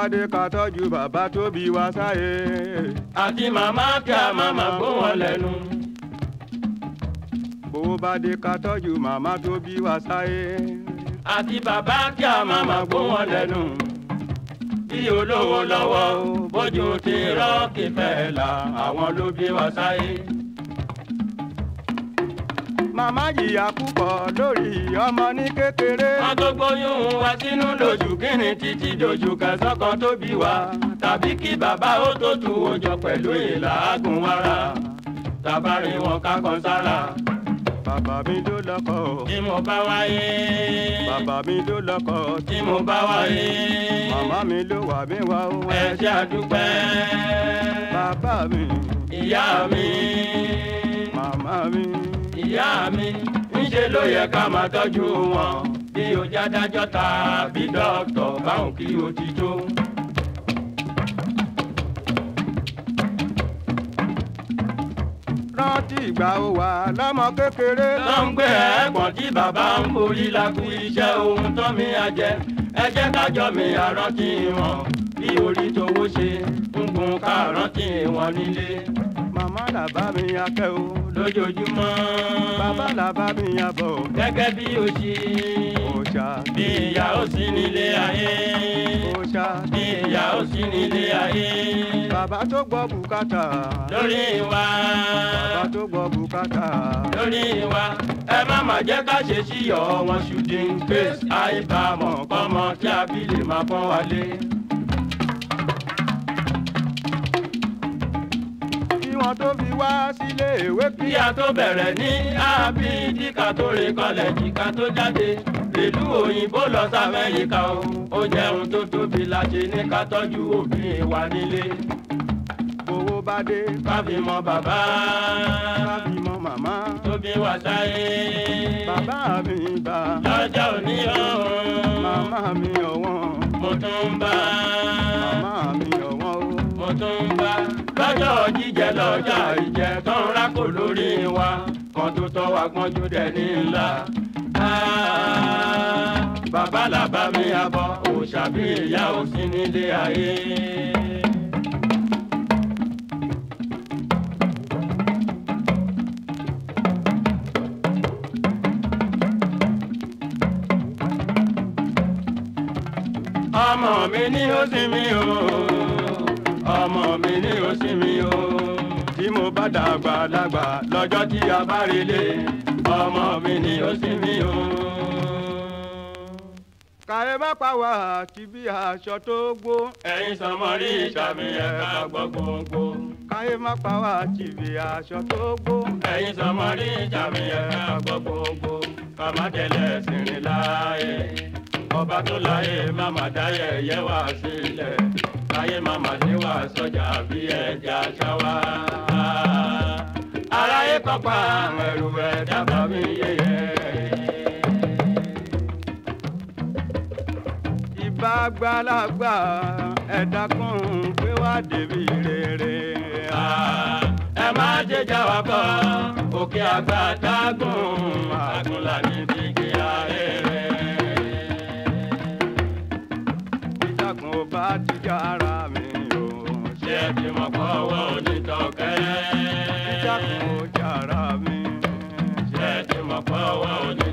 Adé ká tọ́jú bàbá tó bí wa sáyé. Àti màmá kí a máa máa gbó wọn lẹ́nu. Bówó bá dé ká tọ́jú màmá tó bí wa sáyé. Àti bàbá kí a máa máa wọn lẹ́nu. Bí olówó lọ́wọ́ bójú ti rọ́ọ̀kì fẹ́ la àwọn ló bí wa sáyé màmá jìyà púpọ̀ lórí ọmọ ní kékeré. wọn tó gbóyún wa sínú lójú kíni títí dojú kẹsọkọ tó bí wa tàbí kí bàbá ó tó tu ojọ pẹ̀lú ìlàágùn wára tàbárí wọn kákan sára bàbá mi ló lọ́kọ. tí mo bá wáyé. bàbá mi ló lọ́kọ. tí mo bá wáyé. màmá mi ló wà mí wá o. ẹ ṣe bàbá mi. ìyá mi. màmá mi ìyá mi ńṣe ló yẹ ká máa tọ́jú wọn bí o jádájọ́ tàbí dókítà báwọn kí o ti tó. rántí ìgbà ó wà lọ́mọ kékeré. ló ń gbé ẹ̀gbọ́n tí bàbá ń borí la kú iṣẹ́ ohun tó mi àjẹ ẹ jẹ́ ká jọ mi àrántí wọn fi orí towó ṣe ń gun káràntì wọn nílé. màmá làbá mi akẹ́ o. lójoojúmọ́. bàbá làbá mi abọ̀. gẹ́gẹ́ bí o ṣe. òòṣà. bí ìyá ó sí nílé ayé. òòṣà. bí ìyá ó sí nílé ayé. bàbá tó gbọ́ bùkátà. lórí wa. bàbá tó gbọ́ bùkátà. lórí wa ẹ má má jẹ́ ká ṣe síyọ̀ wọn shooting case àìbámọ̀ kọ́mọ kí abilé máa pọ́n wálé. wọn tó fi wá sílé ìwé. kí a tó bẹ̀rẹ̀ ní ábídí ká tó rè kọ́lẹ́jì ká tó jáde ìlú òyìnbó lọ sàmẹ́ríkà o ó jẹun tó tóbi la ṣe ní ká tọ́jú òbí wa nílé. owó bá dé ká fi mọ bàbá ká fi mọ màmá tó bí wa sáyé. bàbá mi bá lọ́jọ́ òní ọ̀hún màmá mi ọ̀wọ́n mo tún bá màmá mi ọ̀wọ́n o mo tún bá lọ́jọ́ jíjẹ lọ́jọ́ ìjẹ tó ń rákò lórí wa kan tó tọ́ wa gbọ́njú dẹ̀ ní ńlá. Ah, bàbá làbá mi abọ́ òṣàbí ìyá òsín ayé. dàgbàdàgbà lọ́jọ́ tí a bá relé ọmọ mi ni ó sì mí o. kàyé má pa wá àti bí aṣọ tó gbó. ẹ̀yin sọmọ rí ìsàmì ẹ̀ka gbogbogbò. kàyé má pa wá àti bí aṣọ tó gbó. ẹ̀yin sọmọ rí ìsàmì ẹ̀ka gbogbogbò. kàmá tẹ̀lé ẹ̀sìn láàyè ọba tó láyé má má dáyé yẹ wá sílẹ̀ láyé má má ṣe wá sọ́jà bí ẹja ṣáwá pápá ẹrù ẹ̀ dábàá mi yẹyẹ. ìbá gbalagbà ẹ̀dá kan pé wá débi rere. ẹ má jẹjà wa kọ òkè àgbà dágùn àgùnlà ní dìgì ààrẹ rẹ. ìjàgùn ò bá dìjà ara mi o. ṣé ẹ ti pọ̀ wọ́n onítọ̀kẹ́. ìjàgùn ò wa wa ni.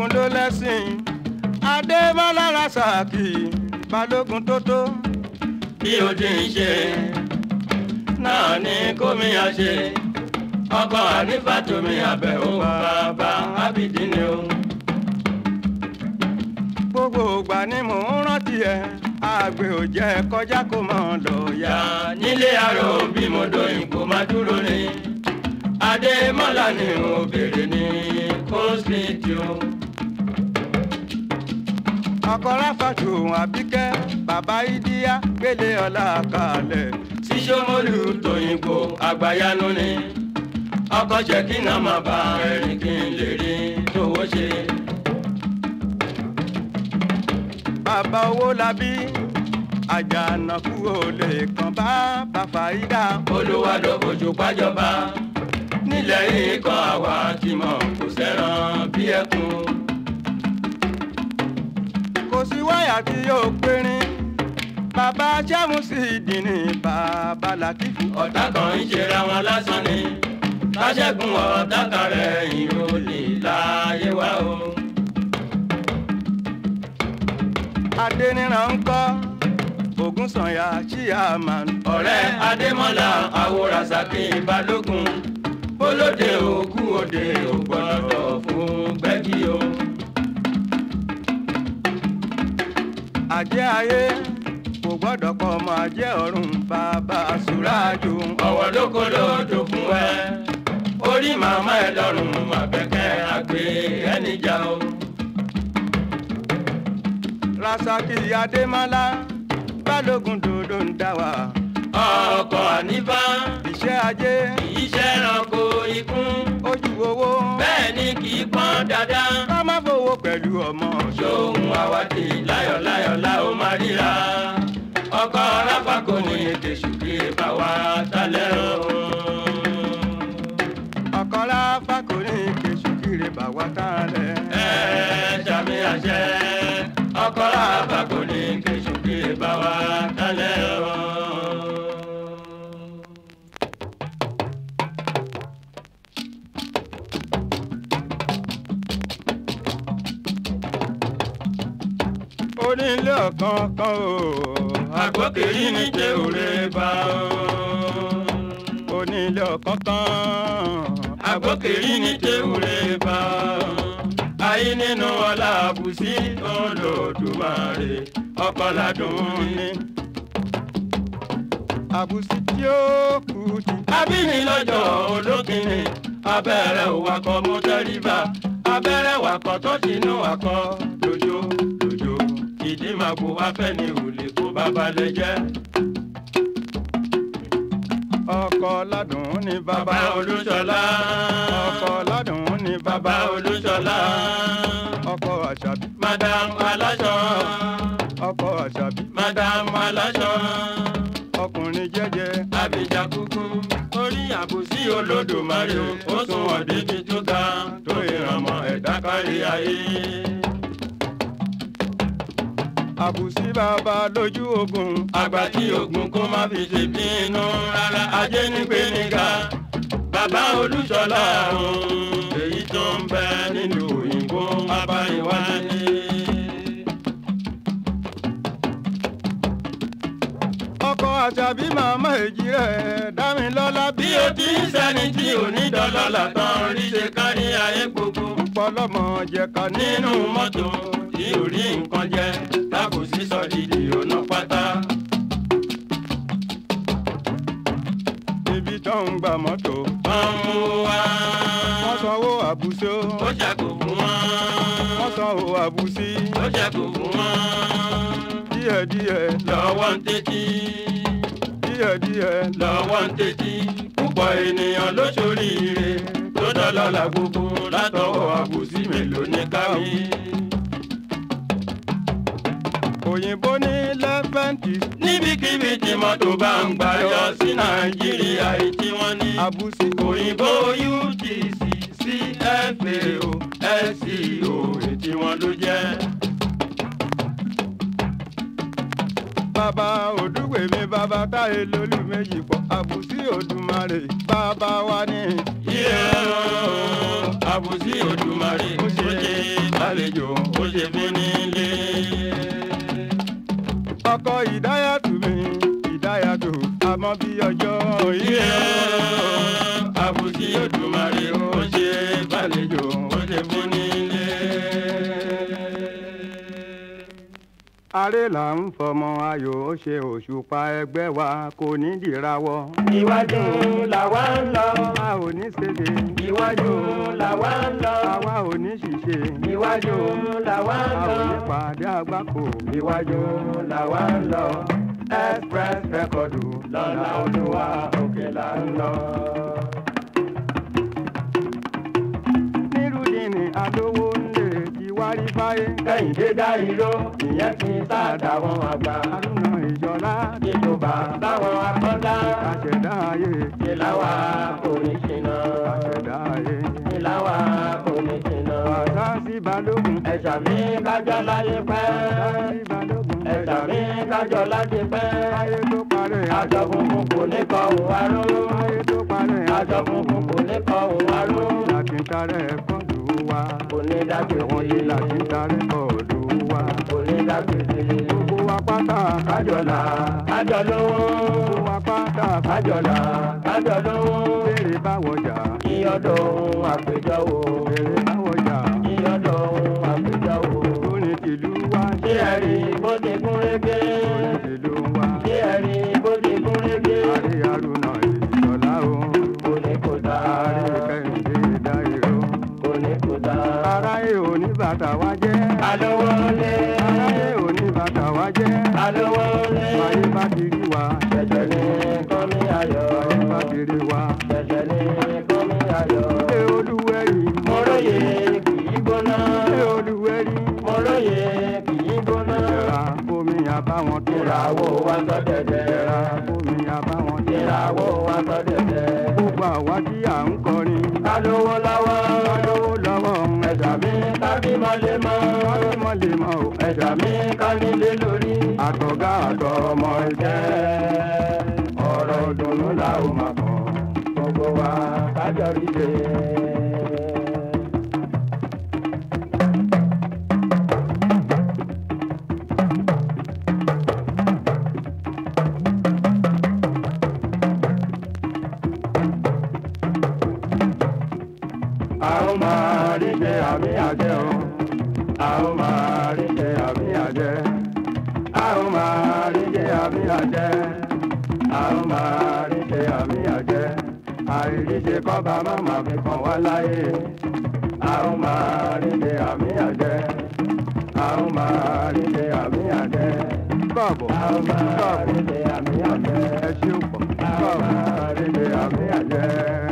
balógun ló lẹ́sìn adébọ́lá rasaki balógun tó tó. bí o ti ń ṣe náà ni kòmíyà ṣe ọkọ ànífàtòmí àbẹ̀wò bàbá ábídí ni o. gbogbo ìgbà ni mò ń rántí ẹ àgbẹ̀ ò jẹ́ kọjá kó mọ̀ lọ yá. nílé àrò bí mo dòyìn kó má dúró ni adémọ́lá ni òbèrè ní kó sì ti o ọkọ ráfàtò àbíkẹ́ bàbá ìdíyà gbélé ọlá kalẹ̀. tí sọmọlù tòyìnbó àgbàyanu ni ọkọ jẹ kí n má bà ẹni kí n lè rí tòwó ṣe. bàbá owó labí àjànàkú ò lè kàn bá bàbá ìdá. olùwàdókòjò pàjọba nílẹ̀ yìí kan àwa ti mọ̀ kò sẹ́ràn bí ẹkùn sí wáyà tí yóò périn bàbá jẹ́mu sí ìdìní bàbá làkìkù. ọ̀tá kan ń ṣera wọn lásán ni láṣẹ́gun ọ̀tá kan rẹ̀ ìrò láyé wá o. adẹniran ń kọ́ ogun sanya chairman. ọ̀rẹ́ adémọ́lá àwòrán sàkè balógun bólóde òkú òde ògbọ́dọ̀ fún àjẹ́ ayé kò gbọ́dọ̀ kọ́ ọmọ àjẹ́ ọ̀run bàbá sùràjù. ọ̀wọ̀ lóko ló dògún ẹ orí màmá ẹ lọ́rùn àbẹ̀kẹ́ àgbẹ̀ ẹni jà o. rasaki adémọlá balógun dòdò ń dá wa. ọkọ̀ àníbá. iṣẹ́ ajé. iṣẹ́ ẹranko ikún. ojú owó. bẹ́ẹ̀ ni kì í pọ́n dandan. ká má fowó pẹ̀lú ọmọ. ṣòun àwàdì. rí ilé ọ̀kan kan o. àgbókè yìí ní jẹ́ òré bá o. onílé ọ̀kan kan. àgbókè yìí ní jẹ́ òré bá o. ayé nínú ọlá àbùsí olódùmarè ọkọ̀ ládùn àbùsí tí ó kù jù. abíní lọ́jọ́ olókìní abẹ́rẹ́ òwakọ̀ mo abẹ́rẹ́ wàkọ̀ tó ti nú wàkọ̀ dojo ìdí máa kó wá ni ò lè kó bàbá lè jẹ́. ọkọ ládùn ni bàbá olúṣọlá. ọkọ ládùn ni bàbá olúṣọlá. ọkọ àṣàbí. madam aláṣọ. ọkọ àṣàbí. madam aláṣọ. ọkùnrin jẹjẹ. àbíjà kúkú orí àbùsí olódùmarè ó sún ọ̀dẹ́bí tó ga tó ìrànmọ́ ẹ̀dá kárí ayé àbùsí bàbá lójú ogun àgbà tí ogun kó má fi ṣe bínú rárá ajé nígbè níga bàbá olúṣọlá òun èyí tó ń bẹ nínú òyìnbó bàbá ìwádìí. ọkọ àjàbí màmá èjì rẹ̀ dámilọ́lá bí ó ti ń sẹ́ni tí onídọ́lọ́lá tán rí ṣe kárí ayé gbogbo. pọlọmọ jẹka nínú mọ́tò tí ò rí nǹkan jẹ lákò sọdìdì ọ̀nà pátá. ibi tó ń gba mọ́tò. wọ́n mú wá. wọ́n sanwó àbùsọ. ó ṣàkó fún wọn. wọ́n sanwó àbùsí. ó ṣàkó fún wọn. díẹ̀díẹ̀ lọ́wọ́ ń tẹ́tí. díẹ̀díẹ̀ lọ́wọ́ ń tẹ́tí. púpọ̀ ènìyàn ló ṣoríire tó dọ́lọ́lá gbogbo látọwọ́ àbùsí mélòó ní káwí òyìnbó ní lẹ́fẹ̀ǹtì. níbikíbi tí mọ́tò bá ń gbà yọ sí nàìjíríà tí wọ́n ní. àbùsí òyìnbó UTC CFAO SEO tí wọ́n ló jẹ́. bàbá òdúgbè mi bàbá ta lólú méjì pọ̀ àbùsí òdùmarè bàbá wa ní. àbùsí òdùmarè ó ṣe àlejò ó ṣe fún nílé ọkọ ìdáyà tù mí ìdáyà tù àmọ́ bí ọjọ́ yìí rẹ̀ àbùsí yóò dùn. aré là ń fọmọ ayò ó ṣe òṣùpá ẹgbẹ́ wa kò ní dìrawọ́. ìwájú làwa ń lọ. a ò ní ṣèṣe. ìwájú làwa ń lọ. àwa ò ní ṣìṣe. ìwájú làwa ń lọ. a ò ní pàdé àgbákò. ìwájú làwa ń lọ. express record lọ́la olúwa òkè là ń lọ. parí fáyé. kẹ́hìndé dáìró ìyẹn fi sáàdà wọn àgbà. àdúnà ìjọlá. ìjọba táwọn akọ́dá. àṣẹdá ayé. ìlàwà kò ní ṣìnà. àṣẹdá ayé. ìlàwà kò ní ṣìnà. bàtà sí balógun. ẹ̀ṣà mi kájọ láyé pẹ́. bàtà sí balógun. ẹ̀ṣà mi kájọ láyé pẹ́. ayé tó parẹ́. àjọ funfun kò ní kọ́ òun aró. ayé tó parẹ́. àjọ funfun kò ní kọ́ òun aró. àkìntàrẹ́ ẹ̀kọ́ wa. onídàgbèsè wọn la láti darí bọ̀ lù wa. onídàgbèsè gbogbo wa pátá kájọlá kájọlówó. gbogbo wa pátá kájọlá kájọlówó. béèrè báwọ̀ jà. ìyọ̀dọ̀ ohun àpéjọ wo. béèrè báwọ̀ jà. ìyọ̀dọ̀ ohun àpéjọ wo. lónìí tìlú wa. ṣé ẹ rí bó ti kún régé. rere wa. ẹ̀ṣẹ̀ ni kọ́mí ayọ̀. ṣé olúwẹ̀rí. mo lóye kì í gbóná. ṣé olúwẹ̀rí. mo lóye kì í gbóná. ìlera omi àbáwọn tó. ìràwọ̀ wa sọ dẹ̀dẹ̀. ìlera omi àbáwọn tó. ìràwọ̀ wa sọ dẹ̀dẹ̀. gbogbo àwa tí à ń kọrin. ká lówó lọ́wọ́. ká lọ́wọ́. ẹ̀dá mi ká bímọ lè mọ. ká bímọ lè mọ. ẹ̀dá mi ká nílé àmì àjẹ́ a ó máa rí jẹ àmì àjẹ́ a ó máa rí jẹ àmì àjẹ́ àrídíje kọ́ba mọ́mọ́ fi kàn wá láyé a ó máa ríde àmì àjẹ́ a ó máa ríde àmì àjẹ́ káàbọ̀ káàbọ̀ ẹ ṣeun pọ̀ káàbọ̀ ríde àmì àjẹ́.